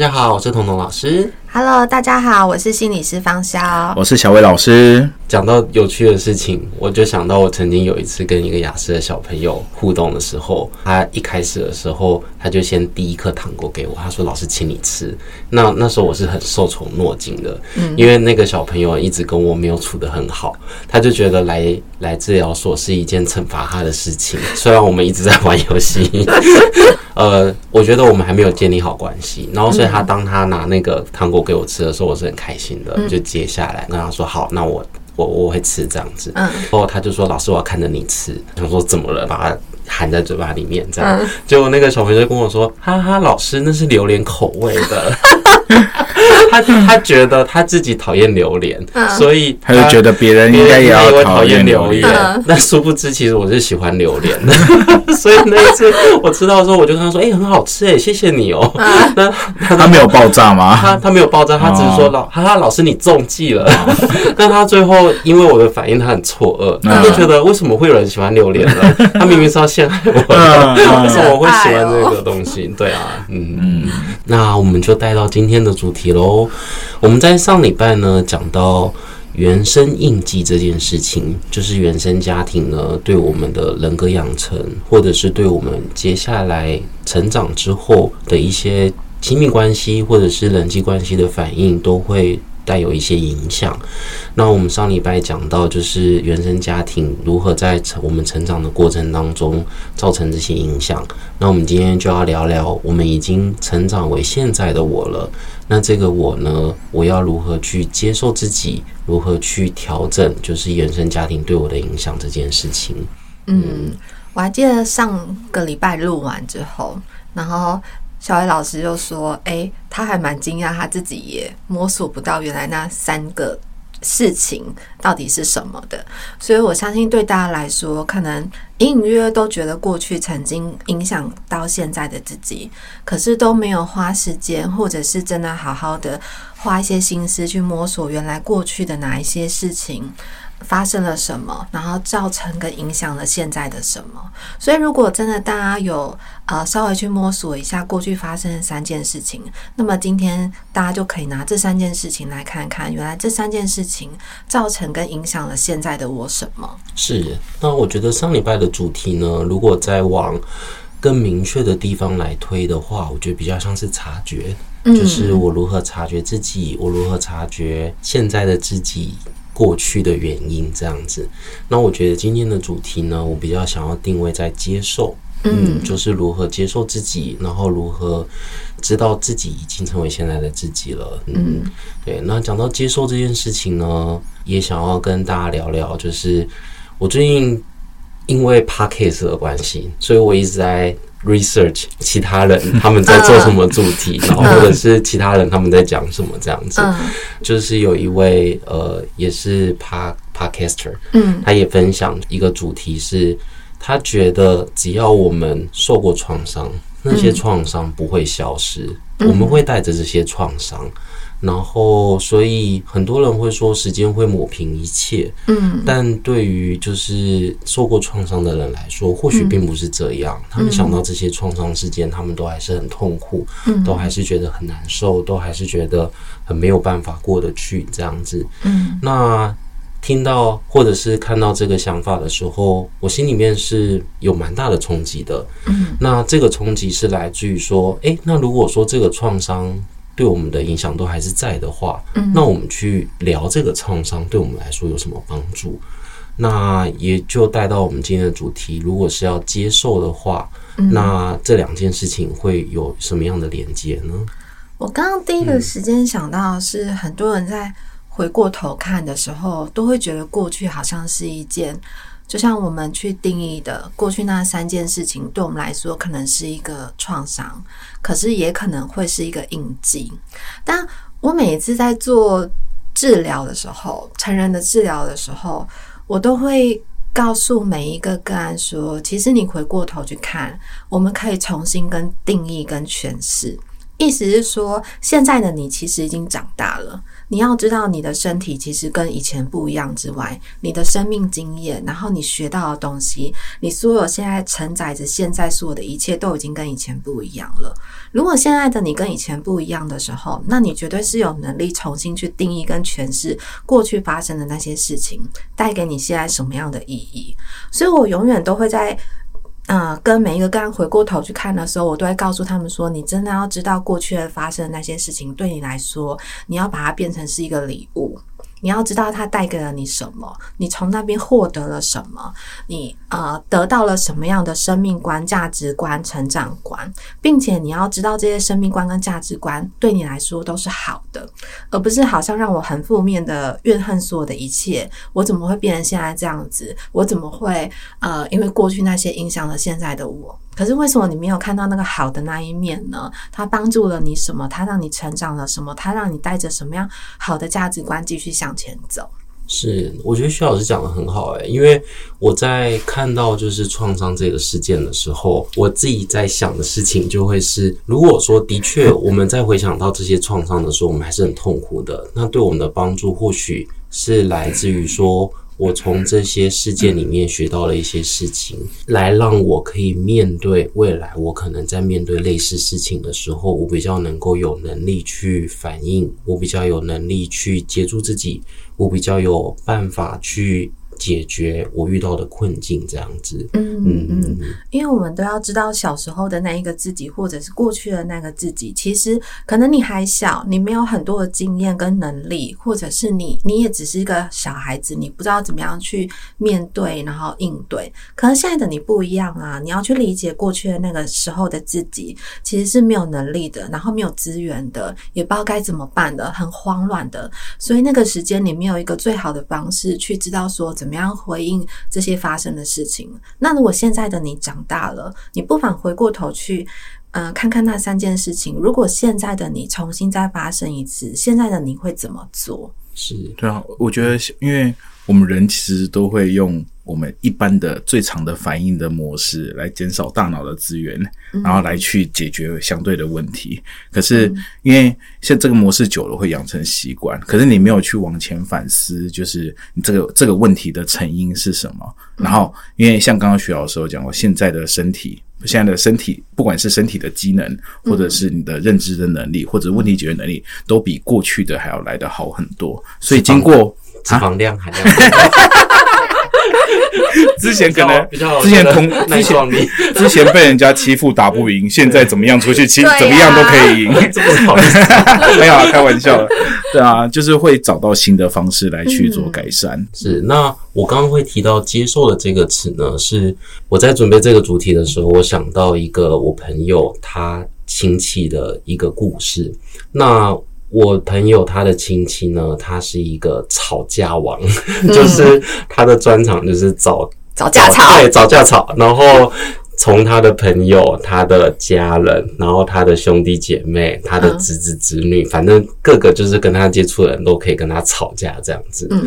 大家好，我是彤彤老師。Hello，大家好，我是心理師方瀟。我是小薇老師。講到有趣的事情，我就想到我曾經有一次跟一個雅思的小朋友互動的時候，他一開始的時候，他就先遞一顆糖果給我，他說：“老師，請你吃。”那，那時候我是很受寵若驚的，因為那個小朋友一直跟我沒有處得很好，他就覺得來來治療所是一件懲罰他的事情。雖然我們一直在玩遊戲， 呃，我覺得我們還沒有建立好關係，然後所以他當他拿那個糖果給我吃的時候，我是很開心的，就接下來跟他說：“好，那我。”我我會吃這樣子，然、嗯、後他就說：“老師，我要看着你吃。”他說怎麼了？把它含在嘴巴裡面這樣。結、嗯、果那個小朋友就跟我說：“哈哈，老師，那是榴蓮口味的。 ” 他他覺得他自己討厭榴蓮、嗯，所以他，他就覺得別人應該也要討厭榴蓮。那、嗯、殊不知，其實我是喜歡榴蓮的、嗯。 所以那一次我吃到的時候，我就跟他說：“哎、欸，很好吃哎、欸，謝謝你哦、喔。嗯”那他他沒有爆炸嗎？他他沒有爆炸，他只是說老：“哦、老哈哈，老師你中計了。嗯”那他最後因為我的反應，他很錯愕、嗯，他就覺得為什麼會有人喜歡榴蓮呢、嗯？他明明是要陷害我嗯嗯，為什麼我會喜歡這個東西？對啊，嗯嗯，那我們就帶到今天的主題嘍，我們在上禮拜呢講到原生印記這件事情，就是原生家庭呢對我們的人格養成，或者是對我們接下來成長之後的一些親密關係或者是人際關係的反應都會，帶有一些影響。那我們上禮拜講到，就是原生家庭如何在成我們成長的過程當中造成這些影響。那我們今天就要聊聊，我們已經成長為現在的我了。那這個我呢，我要如何去接受自己？如何去調整？就是原生家庭對我的影響這件事情，嗯。嗯，我還記得上個禮拜錄完之後，然後。小偉老師就說：“哎、欸，他還蠻驚訝，他自己也摸索不到原來那三個事情到底是什麼的。所以我相信，對大家來說，可能隱隱約約都覺得過去曾經影響到現在的自己，可是都沒有花時間，或者是真的好好的花一些心思去摸索原來過去的哪一些事情。”發生了什麼，然後造成跟影響了現在的什麼？所以，如果真的大家有呃稍微去摸索一下過去發生的三件事情，那麼今天大家就可以拿這三件事情來看看，原來這三件事情造成跟影響了現在的我什麼？是。那我覺得上禮拜的主題呢，如果再往更明確的地方來推的話，我覺得比較像是察覺，嗯，就是我如何察覺自己，我如何察覺現在的自己。過去的原因這樣子，那我覺得今天的主題呢，我比較想要定位在接受，嗯，嗯，就是如何接受自己，然後如何知道自己已經成為現在的自己了，嗯，嗯，對。那講到接受這件事情呢，也想要跟大家聊聊，就是我最近。因為 podcast 的關係，所以我一直在 research 其他人他們在做什麼主題， 然後或者是其他人他們在講什麼這樣子。 就是有一位呃，也是 Podcaster 他也分享一個主題是，嗯、他覺得只要我們受過創傷，那些創傷不會消失，嗯、我們會帶着這些創傷。然後，所以很多人會說時間會抹平一切，嗯，但對於就是受過創傷的人來說，或許並不是這樣，嗯。他們想到這些創傷事件，他們都還是很痛苦，嗯，都還是覺得很難受，嗯，都還是覺得很沒有辦法過得去這樣子，嗯。那聽到或者是看到這個想法的時候，我心裡面是有蠻大的衝擊的，嗯。那這個衝擊是來自於說，誒，那如果說這個創傷，對我們的影響都還是在的話，嗯、那我們去聊這個創傷，對我們來說有什麼幫助？那也就帶到我們今天的主題，如果是要接受的話，嗯、那這兩件事情會有什麼樣的連接呢？我剛剛第一個時間想到是，很多人在回過頭看的時候，嗯、都會覺得過去好像是一件。就像我們去定義的過去那三件事情，對我們來說可能是一個創傷，可是也可能會是一個印記。但我每次在做治療的時候，成人的治療的時候，我都會告訴每一個個案說，其實你回過頭去看，我們可以重新跟定義跟、跟詮釋。意思是說，現在的你其實已經長大了。你要知道，你的身體其實跟以前不一樣之外，你的生命經驗，然後你學到的東西，你所有現在承載着現在所有的一切，都已經跟以前不一樣了。如果現在的你跟以前不一樣的時候，那你絕對是有能力重新去定義跟詮釋過去發生的那些事情，帶給你現在什麼樣的意義。所以我永遠都會在。嗯，跟每一個剛回過頭去看的時候，我都會告訴他們說，你真的要知道過去發生的那些事情，對你來說，你要把它變成是一個禮物。你要知道它帶給了你什麼，你從那邊獲得了什麼，你呃得到了什麼樣的生命觀、價值觀、成長觀，並且你要知道這些生命觀跟價值觀對你來說都是好的，而不是好像讓我很負面的怨恨，所有的一切。我怎麼會變成現在這樣子？我怎麼會呃因為過去那些影響了現在的我？可是為什麼你沒有看到那個好的那一面呢？它幫助了你什麼？它讓你成長了什麼？它讓你帶着什麼樣好的價值觀繼續向前走？是，我覺得許老師講得很好誒、欸，因為我在看到就是創傷這個事件的時候，我自己在想的事情就會是，如果說的確我們在回想到這些創傷的時候，我們還是很痛苦的，那對我們的幫助或許是來自於說。我從這些事件裡面學到了一些事情，來讓我可以面對未來。我可能在面對類似事情的時候，我比較能夠有能力去反應，我比較有能力去接住自己，我比較有辦法去。解決我遇到的困境，這樣子，嗯嗯嗯，因為我們都要知道小時候的那一個自己，或者是過去的那個自己，其實可能你還小，你沒有很多的經驗跟能力，或者是你你也只是一個小孩子，你不知道怎麼樣去面對，然後應對。可能現在的你不一樣啊，你要去理解過去的那個時候的自己，其實是沒有能力的，然後沒有資源的，也不知道該怎麼辦的，很慌亂的。所以那個時間你沒有一個最好的方式去知道說怎。怎麼樣回應這些發生的事情？那如果現在的你長大了，你不妨回過頭去，嗯、呃，看看那三件事情。如果現在的你重新再發生一次，現在的你會怎麼做？是對啊，我覺得因為。我們人其實都會用我們一般的最常的反應的模式來減少大腦的資源，然後來去解決相對的問題。可是因為像這個模式久了會養成習慣，可是你沒有去往前反思，就是你這個這個問題的成因是什麼？然後因為像剛剛徐老師講過，現在的身體，現在的身體不管是身體的機能，或者是你的認知的能力，或者是問題解決能力，都比過去的還要來得好很多。所以經過。脂肪量還。 之前可能，之前同，之前被人家欺負打不贏，現在怎麼樣出去欺負，怎麼樣都可以贏，啊， 不好意思，啊，哎，沒有啊，開玩笑了對啊，就是會找到新的方式來去做改善，嗯，是。是那我剛剛會提到“接受”的這個詞呢，是我在準備這個主題的時候，我想到一個我朋友他親戚的一個故事。那我朋友他的親戚呢，他是一個吵架王，嗯、 就是他的專長就是找吵、嗯、架，對，找架吵。然後從他的朋友、他的家人，然後他的兄弟姐妹、他的侄子侄女、嗯，反正各個就是跟他接觸的人都可以跟他吵架這樣子、嗯。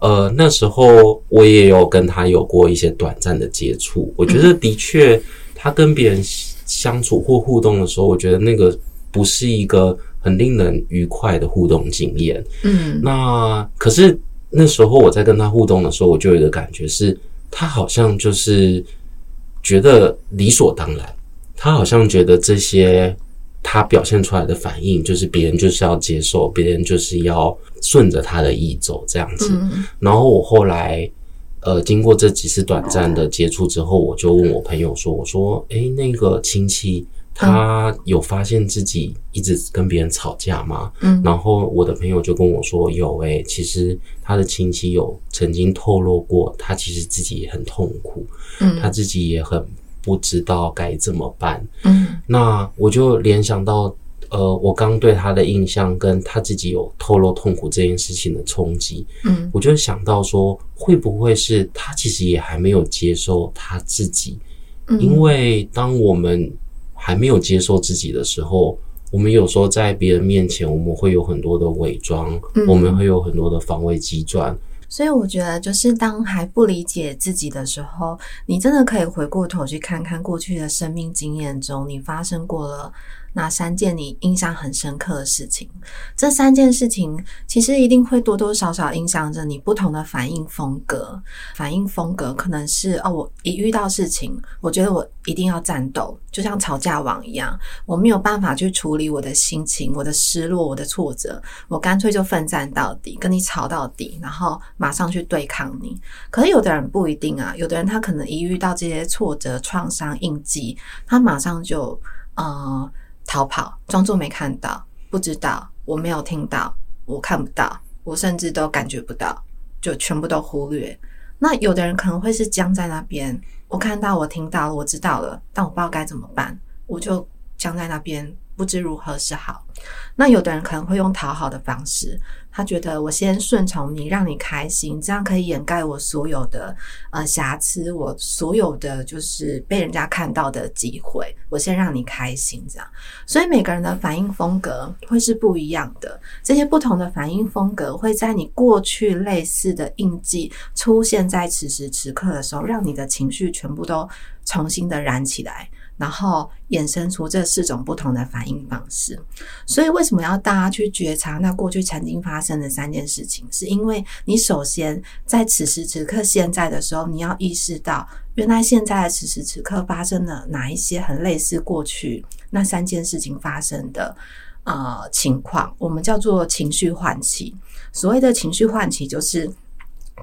呃，那時候我也有跟他有過一些短暫的接觸，我覺得的確、嗯、他跟別人相處或互動的時候，我覺得那個不是一個。很令人愉快的互動經驗。嗯，那可是那時候我在跟他互動的時候，我就有一個感覺是，他好像就是覺得理所當然。他好像覺得這些他表現出來的反應，就是別人就是要接受，別人就是要順着他的意走這樣子。嗯。然後我後來呃，經過這幾次短暫的接觸之後，我就問我朋友說：“我說，誒、欸，那個親戚。”他有發現自己一直跟別人吵架嗎？嗯，然後我的朋友就跟我說，嗯，有誒，欸，其實他的親戚有曾經透露過，他其實自己也很痛苦，嗯，他自己也很不知道該怎麼辦，嗯，那我就聯想到，呃，我剛對他的印象跟他自己有透露痛苦這件事情的衝擊，嗯，我就想到說，會不會是他其實也還沒有接受他自己，嗯，因為當我們。還沒有接受自己的時候，我們有時候在別人面前，我們會有很多的偽裝，嗯，我們會有很多的防衛機轉。所以我覺得，就是當還不理解自己的時候，你真的可以回過頭去看看過去的生命經驗中，你發生過了，那三件你印象很深刻的事情，這三件事情其實一定會多多少少影響着你不同的反應風格。反應風格可能是哦，我一遇到事情，我覺得我一定要戰鬥，就像吵架王一樣，我沒有辦法去處理我的心情、我的失落、我的挫折，我乾脆就奮戰到底，跟你吵到底，然後馬上去對抗你。可是有的人不一定啊，有的人他可能一遇到這些挫折、創傷印記，他馬上就呃。逃跑，裝作沒看到，不知道，我沒有聽到，我看不到，我甚至都感覺不到，就全部都忽略。那有的人可能會是僵在那邊，我看到，我聽到，我知道了，但我不知道該怎麼辦，我就僵在那邊。不知如何是好。那有的人可能會用討好的方式，他覺得我先順從你，讓你開心，這樣可以掩蓋我所有的呃瑕疵，我所有的就是被人家看到的機會，我先讓你開心這樣。所以每個人的反應風格會是不一樣的。這些不同的反應風格會在你過去類似的印記出現在此時此刻的時候，讓你的情緒全部都重新的燃起來。然後衍生出這四種不同的反應方式，所以為什麼要大家去覺察那過去曾經發生的三件事情？是因為你首先在此時此刻現在的時候，你要意識到，原來現在的此時此刻發生了哪一些很類似過去那三件事情發生的呃情況，我們叫做情緒喚起。所謂的情緒喚起，就是。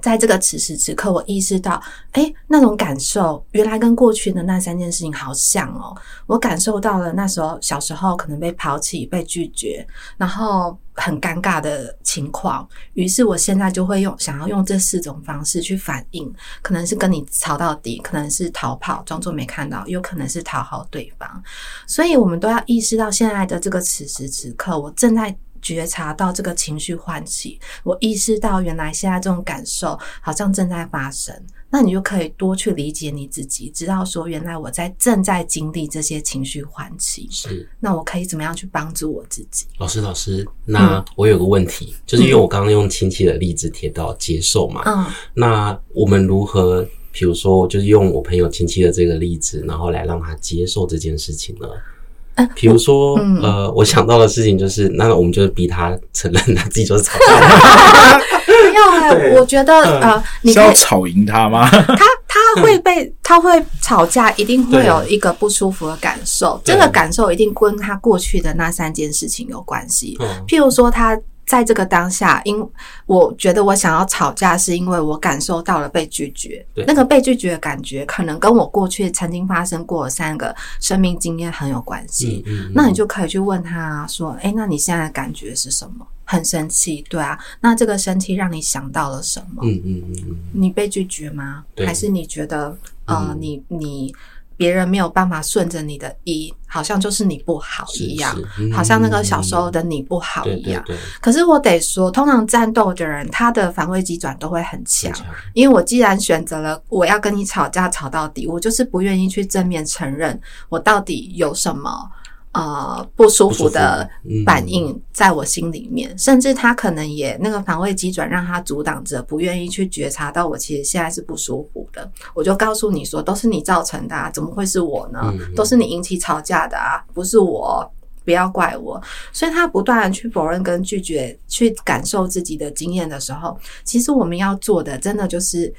在這個此時此刻，我意識到，誒、欸，那種感受原來跟過去的那三件事情好像哦。我感受到了那時候小時候可能被拋棄、被拒絕，然後很尷尬的情況。於是我現在就會用想要用這四種方式去反應，可能是跟你吵到底，可能是逃跑，裝作沒看到，有可能是討好對方。所以我們都要意識到，現在的這個此時此刻，我正在。覺察到這個情緒喚起，我意識到原來現在這種感受好像正在發生，那你就可以多去理解你自己，知道說原來我在正在經歷這些情緒喚起，是，那我可以怎麼樣去幫助我自己？老師，老師，那我有個問題。嗯，就是因為我剛剛用親戚的例子提到接受嘛，嗯，那我們如何，譬如說，就是用我朋友親戚的這個例子，然後來讓他接受這件事情呢？比如說，嗯、呃、嗯，我想到的事情就是，那我們就逼他承認他自己就是吵架。不 要、 欸，我覺得呃你是要吵贏他嗎？ 他他會被，他會吵架，一定會有一個不舒服的感受。這個感受一定跟他過去的那三件事情有關係。譬如說他。在這個當下，因我覺得我想要吵架，是因為我感受到了被拒絕。對，那個被拒絕的感覺，可能跟我過去曾經發生過的三個生命經驗很有關係。嗯，嗯，嗯。那你就可以去問他說：“誒，那你現在的感覺是什麼？很生氣，對啊？那這個生氣讓你想到了什麼？嗯嗯嗯。你被拒絕嗎？對。還是你覺得，呃，你、嗯、你、你？”別人沒有辦法順着你的意，好像就是你不好一樣，是是嗯、好像那個小時候的你不好一樣，對對對。可是我得說，通常戰鬥的人，他的防衛機轉都會很強，很強。因為我既然選擇了我要跟你吵架吵到底，我就是不願意去正面承認我到底有什麼，呃，不舒服的反應在我心裡面，嗯嗯，甚至他可能也那個防衛機轉讓他阻擋着，不願意去覺察到我其實現在是不舒服的。我就告訴你說，都是你造成的啊，怎麼會是我呢？嗯嗯。都是你引起吵架的啊，不是我，不要怪我。所以他不斷去否認跟拒絕，去感受自己的經驗的時候，其實我們要做的，真的就是。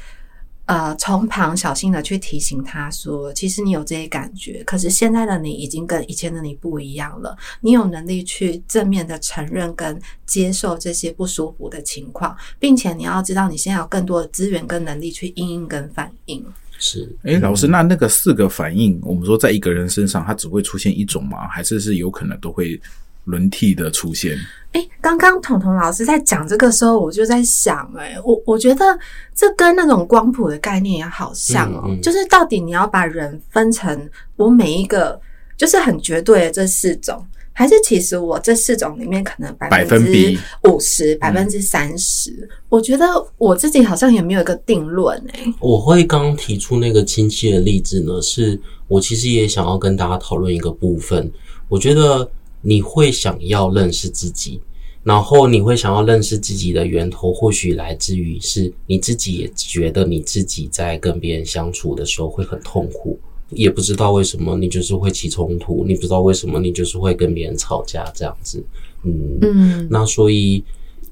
呃，從旁小心的去提醒他說：“其實你有這些感覺，可是現在的你已經跟以前的你不一樣了。你有能力去正面的承認跟接受這些不舒服的情況，並且你要知道，你現在有更多的資源跟能力去因應跟反應。”是，誒、嗯，欸，老師，那那個四個反應，我們說在一個人身上，他只會出現一種嗎？還是是有可能都會？輪替的出現，哎、欸，剛剛彤彤老師在講這個時候，我就在想、欸，哎，我我覺得這跟那種光譜的概念也好像哦、喔嗯嗯，就是到底你要把人分成我每一個，就是很絕對的這四種，還是其實我這四種裡面可能百分之五十，百分之三十、嗯，我覺得我自己好像也沒有一個定論哎、欸。我會剛剛提出那個親戚的例子呢，是我其實也想要跟大家討論一個部分，我覺得。你會想要認識自己，然後你會想要認識自己的源頭，或許來自於是你自己也覺得你自己在跟別人相處的時候會很痛苦，也不知道為什麼你就是會起衝突，你不知道為什麼你就是會跟別人吵架這樣子，嗯，嗯，那所以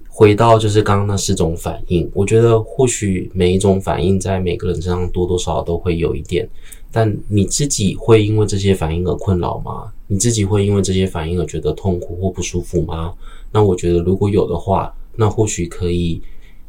回到就是剛剛那四種反應，我覺得或許每一種反應在每個人身上多多少少都會有一點，但你自己會因為這些反應而困擾嗎？你自己會因為這些反應而覺得痛苦或不舒服嗎？那我覺得，如果有的話，那或許可以，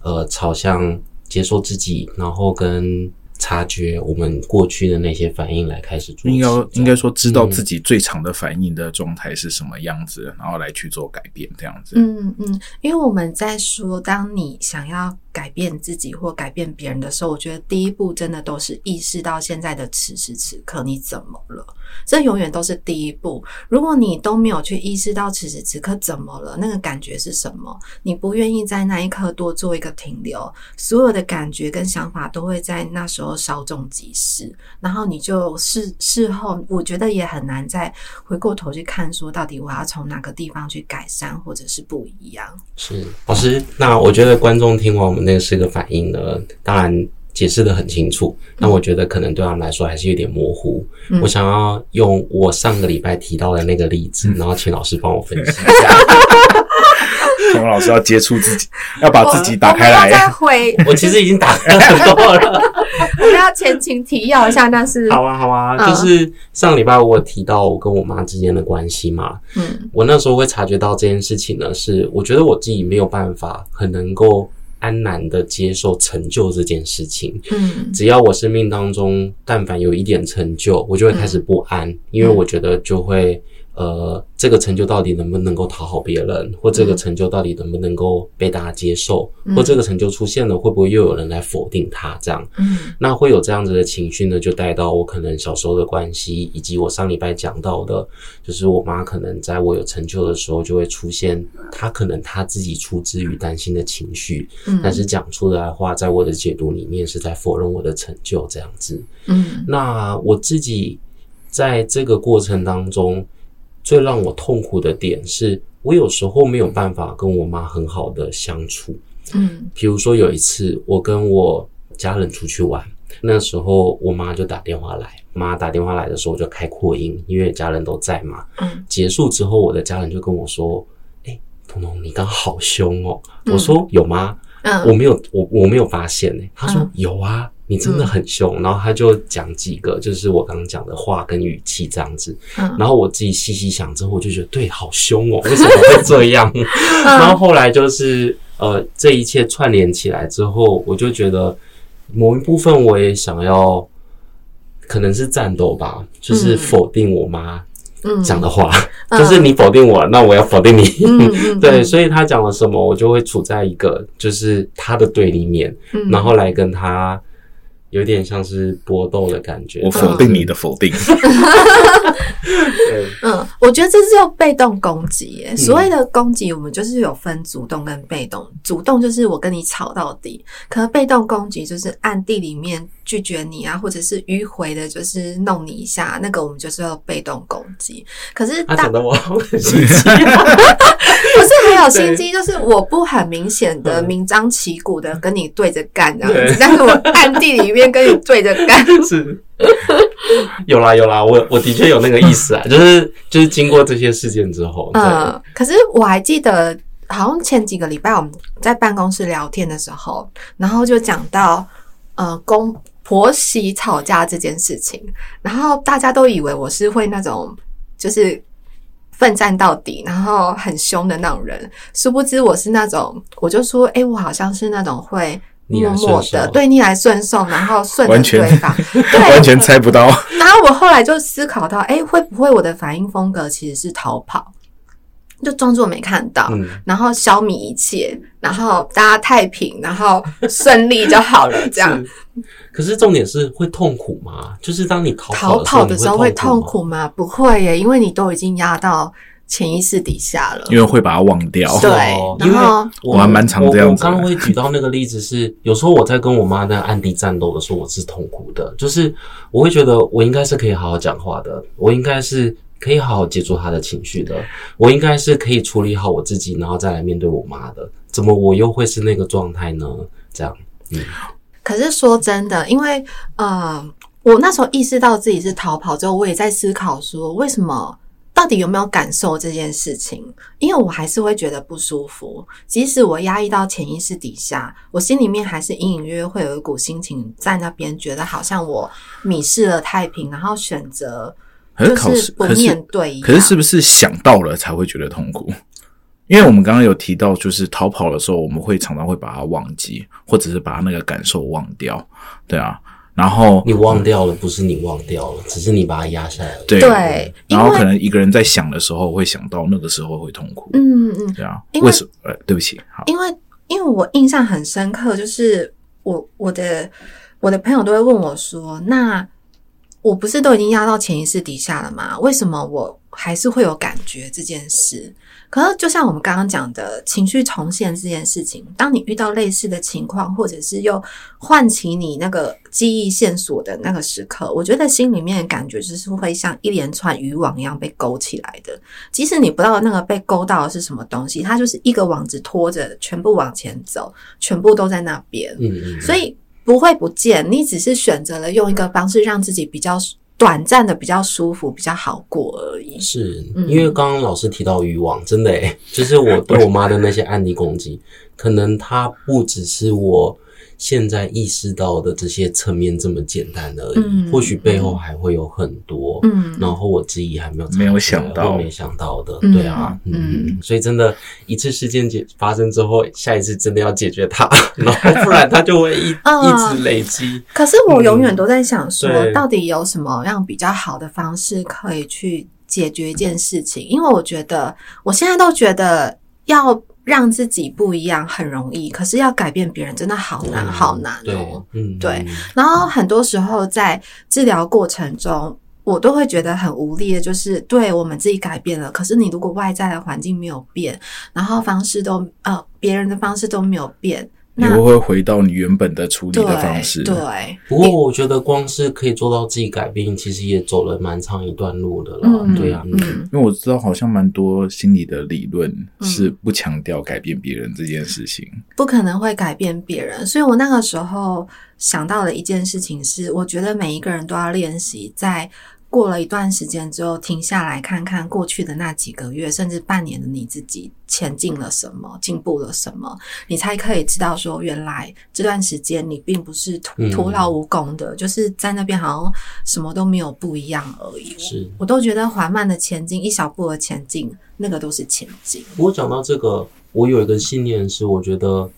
呃，朝向接受自己，然後跟。察覺我們過去的那些反應來開始做，應該應該說知道自己最常的反應的狀態是什麼樣子，嗯、然後來去做改變這樣子。嗯嗯，因為我們在說，當你想要改變自己或改變別人的時候，我覺得第一步真的都是意識到現在的此時此刻你怎麼了，這永遠都是第一步。如果你都沒有去意識到此時此刻怎麼了，那個感覺是什麼，你不願意在那一刻多做一個停留，所有的感覺跟想法都會在那時候。都稍縱即逝，然後你就事事後，我覺得也很難再回過頭去看，說到底我要從哪個地方去改善，或者是不一樣。是，老師，那我覺得觀眾聽完我們那四個反應呢，當然解釋得很清楚，但我覺得可能對他們來說還是有點模糊，嗯。我想要用我上個禮拜提到的那個例子，嗯，然後請老師幫我分析一下。 老師要接觸自己，要把自己打開來。我，我在回， 我其實已經打開很多了。 我要前情提要一下，那是。好啊，好啊，嗯、就是上禮拜我提到我跟我媽之間的關係嘛。嗯。我那時候會察覺到這件事情呢，是我覺得我自己沒有辦法很能夠安然的接受成就這件事情。嗯。只要我生命當中但凡有一點成就，我就會開始不安，嗯、因為我覺得就會。呃，這個成就到底能不能夠討好別人，或這個成就到底能不能夠被大家接受，嗯，或這個成就出現了，會不會又有人來否定他？這樣，嗯，那會有這樣子的情緒呢，就帶到我可能小時候的關係，以及我上禮拜講到的，就是我媽可能在我有成就的時候，就會出現，她可能她自己出自於擔心的情緒，嗯，但是講出來的話，在我的解讀裡面是在否認我的成就這樣子，嗯，那我自己在這個過程當中。最讓我痛苦的點是我有時候沒有辦法跟我媽很好的相處。嗯，比如說有一次我跟我家人出去玩，那時候我媽就打電話來。媽打電話來的時候，我就開擴音，因為家人都在嘛。嗯，結束之後，我的家人就跟我說：“欸，彤彤，你剛好凶哦。”我說：“有嗎？嗯，我沒有，我我沒有發現欸。”他說：“有啊。”你真的很凶。嗯，然後他就講幾個，就是我剛剛講的話跟語氣這樣子。啊、然後我自己細細想之後，我就覺得對，好凶哦，為什麼會這樣？ 嗯，然後後來就是呃，這一切串聯起來之後，我就覺得某一部分我也想要，可能是戰鬥吧，就是否定我媽講的話，嗯嗯，就是你否定我，那我要否定你。嗯嗯， 對，所以他講了什麼，我就會處在一個就是他的對立面，嗯，然後來跟他。有點像是搏鬥的感覺，我否定你的否定。 對，嗯，我覺得這是叫被動攻擊耶、嗯。所謂的攻擊，我們就是有分主動跟被動。主動就是我跟你吵到底，可能被動攻擊就是暗地裡面。拒絕你啊，或者是迂回的，就是弄你一下，啊，那個我們就是要被動攻擊。可是大他長得我心機，不是很有心機，就是我不很明顯的，明張旗鼓的跟你對着幹這樣子，但是我暗地裡面跟你對着幹 是。有啦有啦，我我的確有那個意思啊， 就是就是經過這些事件之後，嗯、呃，可是我還記得，好像前幾個禮拜我們在辦公室聊天的時候，然後就講到呃公。婆媳吵架這件事情，然後大家都以為我是會那種就是奮戰到底，然後很凶的那種人。殊不知我是那種，我就說，哎、欸，我好像是那種會默默的逆來順受，對，逆來順受，然後順着對方。完全，對啊、 完全猜不到。然後我後來就思考到，哎、欸，會不會我的反應風格其實是逃跑？就裝作沒看到，嗯、然後消弭一切，然後大家太平，然後順利就好了。這樣。可是重點是會痛苦嗎？就是當你，逃跑你逃跑的時候會痛苦嗎？不會耶、欸，因為你都已經壓到潛意識底下了，因為會把它忘掉。對，然後因為我，我還蠻常這樣子。我剛剛會舉到那個例子是，有時候我在跟我媽在暗地戰鬥的時候，我是痛苦的，就是我會覺得我應該是可以好好講話的，我應該是。可以好好接住他的情緒的，我應該是可以處理好我自己，然後再來面對我媽的。怎麼我又會是那個狀態呢？這樣。嗯。可是說真的，因為呃，我那時候意識到自己是逃跑之後，我也在思考說，為什麼到底有沒有感受這件事情？因為我還是會覺得不舒服，即使我壓抑到潛意識底下，我心裡面還是隱隱約約會有一股心情在那邊，覺得好像我迷失了太平，然後選擇。可是考試，就是不，可是，可是，是不是想到了才會覺得痛苦？因為我們剛剛有提到，就是逃跑的時候，我們會常常會把它忘記，或者是把他那個感受忘掉，對啊。然後你忘掉了，不是你忘掉了，嗯、只是你把它壓下來了。對，然後可能一個人在想的時候，會想到那個時候會痛苦。嗯嗯嗯，對啊。為為什麼？呃，對不起，好，因為因為我印象很深刻，就是我我的我的朋友都會問我說，那。我不是都已經壓到潛意識底下了嗎？為什麼我還是會有感覺這件事？可是就像我們剛剛講的情緒重現這件事情，當你遇到類似的情況，或者是又喚起你那個記憶線索的那個時刻，我覺得心裡面的感覺就是會像一連串漁網一樣被勾起來的。即使你不知道那個被勾到的是什麼東西，它就是一個網子拖着，全部往前走，全部都在那邊。嗯嗯嗯，所以。不會不見，你只是選擇了用一個方式讓自己比較短暫的比較舒服、比較好過而已。是因為剛剛老師提到欲望，嗯，真的誒、欸、就是我對我媽的那些案例攻擊，可能她不只是我。現在意識到的這些層面這麼簡單而已、嗯，或許背後還會有很多，嗯，然後我自己還沒有沒有想到、沒想到的、嗯，對啊，嗯，所以真的，一次事件解發生之後，下一次真的要解決它，嗯、然後不然它就會一 一,一直累積。可是我永遠都在想說，嗯、到底有什麼樣比較好的方式可以去解決一件事情？嗯、因為我覺得，我現在都覺得要。讓自己不一樣很容易，可是要改變別人真的好難，嗯、好難、哦對哦。對，嗯，對。然後很多時候在治療過程中，我都會覺得很無力的就是，對，我們自己改變了，可是你如果外在的環境沒有變，然後方式都，呃，別人的方式都沒有變。你會會回到你原本的處理的方式對。對，不過我覺得光是可以做到自己改變，其實也走了蠻長一段路的了、嗯。對啊、嗯，因為我知道好像蠻多心理的理論是不強調改變別人這件事情，不可能會改變別人。所以我那個時候想到的一件事情是，我覺得每一個人都要練習在，過了一段時間之後，停下來看看過去的那幾個月，甚至半年的你自己前進了什麼、嗯、進步了什麼，你才可以知道說原來這段時間你並不是徒勞無功的、嗯，就是在那邊好像什麼都沒有不一樣而已。是，我都覺得緩慢的前進，一小步的前進，那個都是前進。我講到這個，我有一個信念是，我覺得。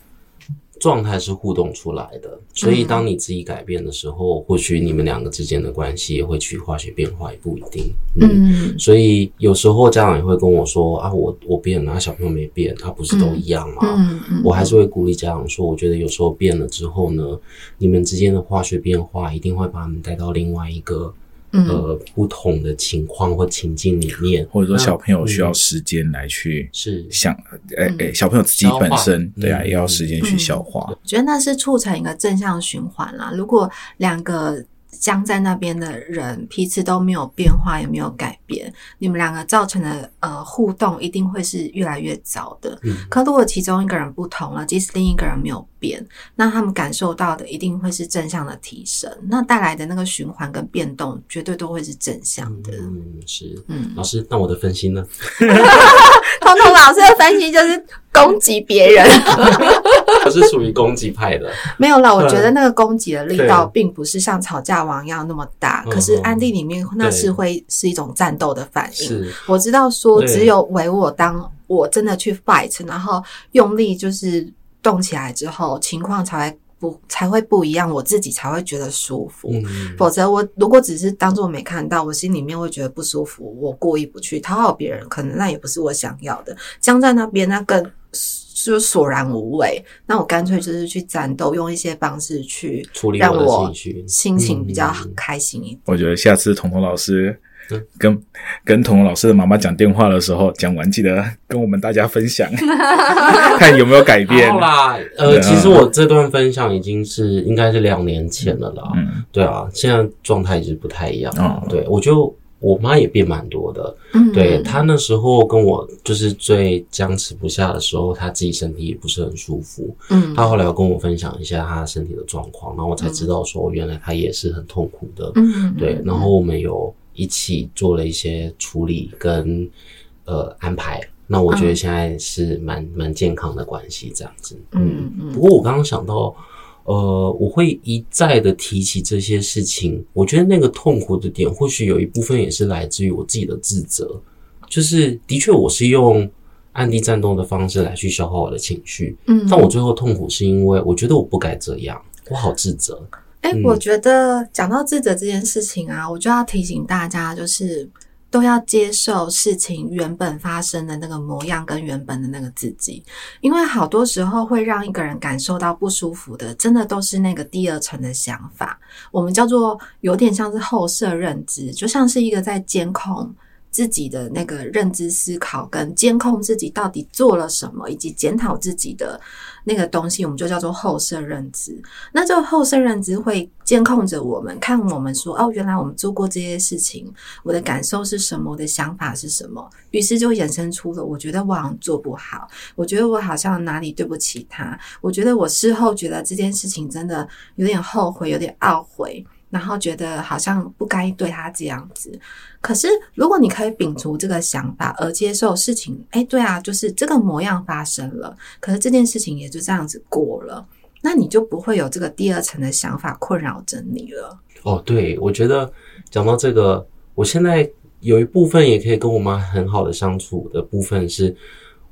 狀態是互動出來的，所以當你自己改變的時候，嗯、或許你們兩個之間的關係也會起化學變化，也不一定嗯。嗯，所以有時候家長也會跟我說啊，我我變了，小朋友沒變，他不是都一樣嗎？嗯，嗯，我還是會鼓勵家長說，我覺得有時候變了之後呢，你們之間的化學變化一定會把你們帶到另外一個。嗯、呃，不同的情況或情境裡面，或者說小朋友需要時間來去是想，哎、嗯嗯欸欸、小朋友自己本身對啊，也要時間去消化。我、嗯嗯嗯嗯、覺得那是促成一個正向循環啦。如果兩個。僵在那邊的人彼此都沒有變化，也沒有改變。你們兩個造成的呃互動一定會是越來越早的。嗯，可如果其中一個人不同了，即使另一個人沒有變，那他們感受到的一定會是正向的提升。那帶來的那個循環跟變動絕對都會是正向的。嗯，是。嗯，老師，那我的分心呢？ 彤彤老師的分析，就是攻擊別人， 他 是屬於攻擊派的。沒有啦，我覺得那個攻擊的力道並不是像吵架王要那麼大，嗯，可是暗地裡面那是會是一種戰鬥的反應。我知道說，只有唯我當我真的去 fight，然後用力就是動起來之後，情況才會。不才會不一樣，我自己才會覺得舒服。嗯、否則我如果只是當做沒看到，我心裡面會覺得不舒服，我過意不去。討好別人可能那也不是我想要的。僵在那邊那更就是是索然無味。那我乾脆就是去戰鬥，嗯、用一些方式去處理讓我心情比較開心一點。我覺得下次彤彤老師。跟跟童老師的媽媽講電話的時候，講完記得跟我們大家分享， 看有沒有改變。好啦，呃，其實我這段分享已經是應該是兩年前了啦。嗯，對啊，現在狀態也是不太一樣了。嗯、哦，對，我就我媽也變蠻多的。嗯、哦，對，她、嗯、那時候跟我就是最僵持不下的時候，她自己身體也不是很舒服。嗯，她後來跟我分享一下她身體的狀況，然後我才知道說原來她也是很痛苦的。嗯嗯，對，然後我們有。一起做了一些處理跟呃安排，那我覺得現在是蠻蠻、嗯、健康的關係，這樣子嗯。嗯嗯。不過我剛剛想到，呃，我會一再的提起這些事情，我覺得那個痛苦的點，或許有一部分也是來自於我自己的自責。就是的確我是用暗地戰鬥的方式來去消耗我的情緒，嗯、嗯。但我最後痛苦是因為我覺得我不該這樣，我好自責。哎、欸，我覺得講到自責這件事情啊，我就要提醒大家，就是都要接受事情原本發生的那個模樣跟原本的那個自己，因為好多時候會讓一個人感受到不舒服的，真的都是那個第二層的想法，我們叫做有點像是後設認知，就像是一個在監控。自己的那個認知思考跟監控自己到底做了什麼，以及檢討自己的那個東西，我們就叫做後設認知。那這個後設認知會監控着我們，看我們說哦，原來我們做過這些事情，我的感受是什麼，我的想法是什麼，於是就衍生出了我覺得我好像做不好，我覺得我好像哪裡對不起他，我覺得我事後覺得這件事情真的有點後悔，有點懊悔。然後覺得好像不該對他這樣子，可是如果你可以摒除這個想法而接受事情，哎，對啊，就是這個模樣發生了，可是這件事情也就這樣子過了，那你就不會有這個第二層的想法困擾着你了。哦，對，我覺得講到這個，我現在有一部分也可以跟我媽很好的相處的部分是，是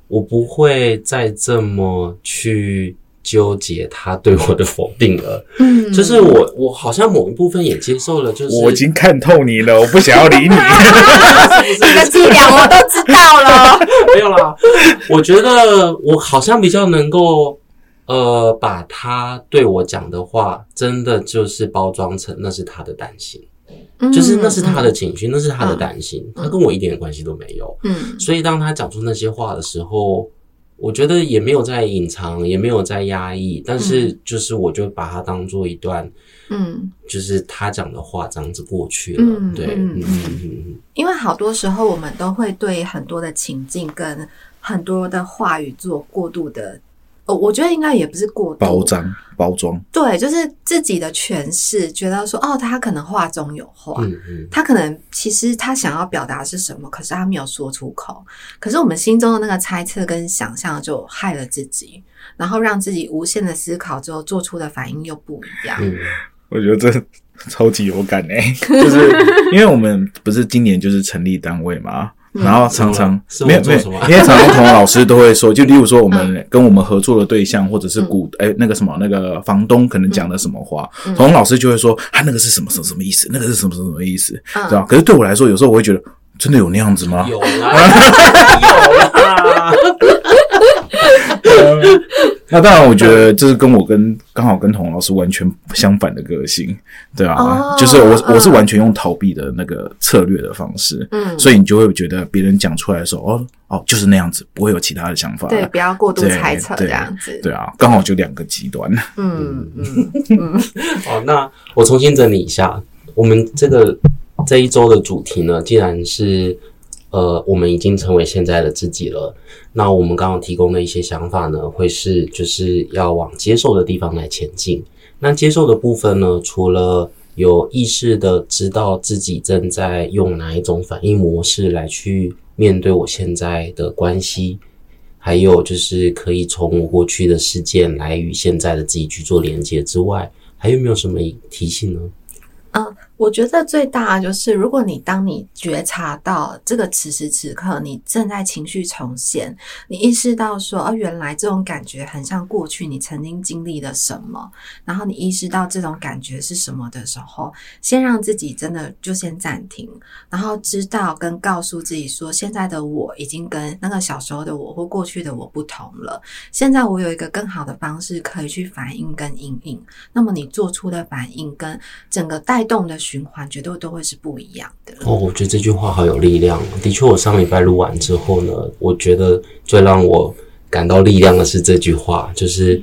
我不會再這麼去。糾結他對我的否定了，嗯，就是我我好像某一部分也接受了，就是我已經看透你了，我不想要理你，你的伎倆，我都知道了，沒有啦，我覺得我好像比較能夠，呃，把他對我講的話，真的就是包裝成那是他的擔心。嗯，就是那是他的情緒，嗯，那是他的擔心，嗯，他跟我一點關係都沒有。嗯，所以當他講出那些話的時候，我覺得也沒有在隱藏，也沒有在壓抑，但是就是我就把它當做一段，嗯，就是他講的話這樣子過去了，嗯、對，嗯嗯嗯，因為好多時候我們都會對很多的情境跟很多的話語做過度的。哦、我覺得應該也不是過度包裝，包裝對，就是自己的詮釋，覺得說哦，他可能話中有話，嗯嗯、他可能其實他想要表達的是什麼，可是他沒有說出口，可是我們心中的那個猜測跟想象就害了自己，然後讓自己無限的思考之後做出的反應又不一樣。嗯、我覺得這超級有感哎、欸， 就是因為我們不是今年就是成立單位嘛。嗯、然後常常、啊、沒有沒有，因為常常童老師都會說，就例如說我們跟我們合作的對象， 或者是股、欸、那個什麼那個房東可能講的什麼話，童、嗯、老師就會說，啊那個是什麼什什麼意思？那個是什麼什麼什麼意思？對、嗯、吧？可是對我來說，有時候我會覺得，真的有那樣子嗎？有啊！ 有啊！ 嗯那當然，我覺得這是跟我跟剛好跟童老師完全相反的個性，對吧、啊哦？就是我我是完全用逃避的那個策略的方式，嗯，所以你就會覺得別人講出來的時候，哦哦，就是那樣子，不會有其他的想法，對，不要過度猜測這樣子，對,對,對啊，剛好就兩個極端，嗯嗯嗯嗯。 好，那我重新整理一下，我們這個這一周的主題呢，既然是。呃，我們已經成為現在的自己了。那我們剛剛提供的一些想法呢，會是就是要往接受的地方來前進。那接受的部分呢，除了有意識的知道自己正在用哪一種反應模式來去面對我現在的關係，還有就是可以從我過去的事件來與現在的自己去做連接之外，還有沒有什麼提醒呢？我覺得最大就是，如果你當你覺察到這個此時此刻你正在情緒重現，你意識到說哦，原來這種感覺很像過去你曾經經歷了什麼，然後你意識到這種感覺是什麼的時候，先讓自己真的就先暫停，然後知道跟告訴自己說，現在的我已經跟那個小時候的我或過去的我不同了，現在我有一個更好的方式可以去反應跟因應，那麼你做出的反應跟整個帶動的。循環絕對都會是不一樣的。哦、oh，我覺得這句話好有力量。的確，我上禮拜錄完之後呢，我覺得最讓我感到力量的是這句話，就是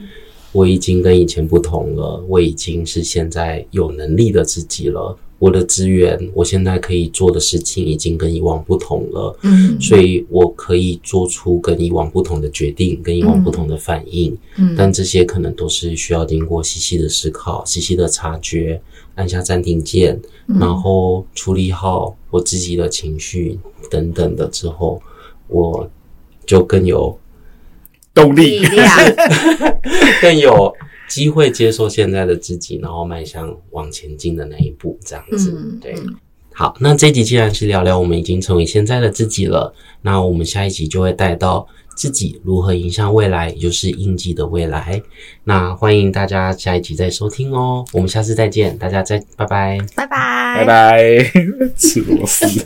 我已經跟以前不同了，我已經是現在有能力的自己了。我的資源，我現在可以做的事情已經跟以往不同了，嗯，所以我可以做出跟以往不同的決定，跟以往不同的反應，嗯，嗯，但這些可能都是需要經過細細的思考、細細的察覺，按下暫停鍵，嗯，然後處理好我自己的情緒等等的之後，我就更有動力，yeah.， 更有。機會接受現在的自己，然後邁向往前進的那一步，這樣子。嗯、對、嗯，好。那這集既然是聊聊我們已經成為現在的自己了，那我們下一集就會帶到自己如何影響未來，也就是印記的未來。那歡迎大家下一集再收聽哦。我們下次再見，大家再拜拜，拜拜，拜拜， bye bye 吃螺我絲吃。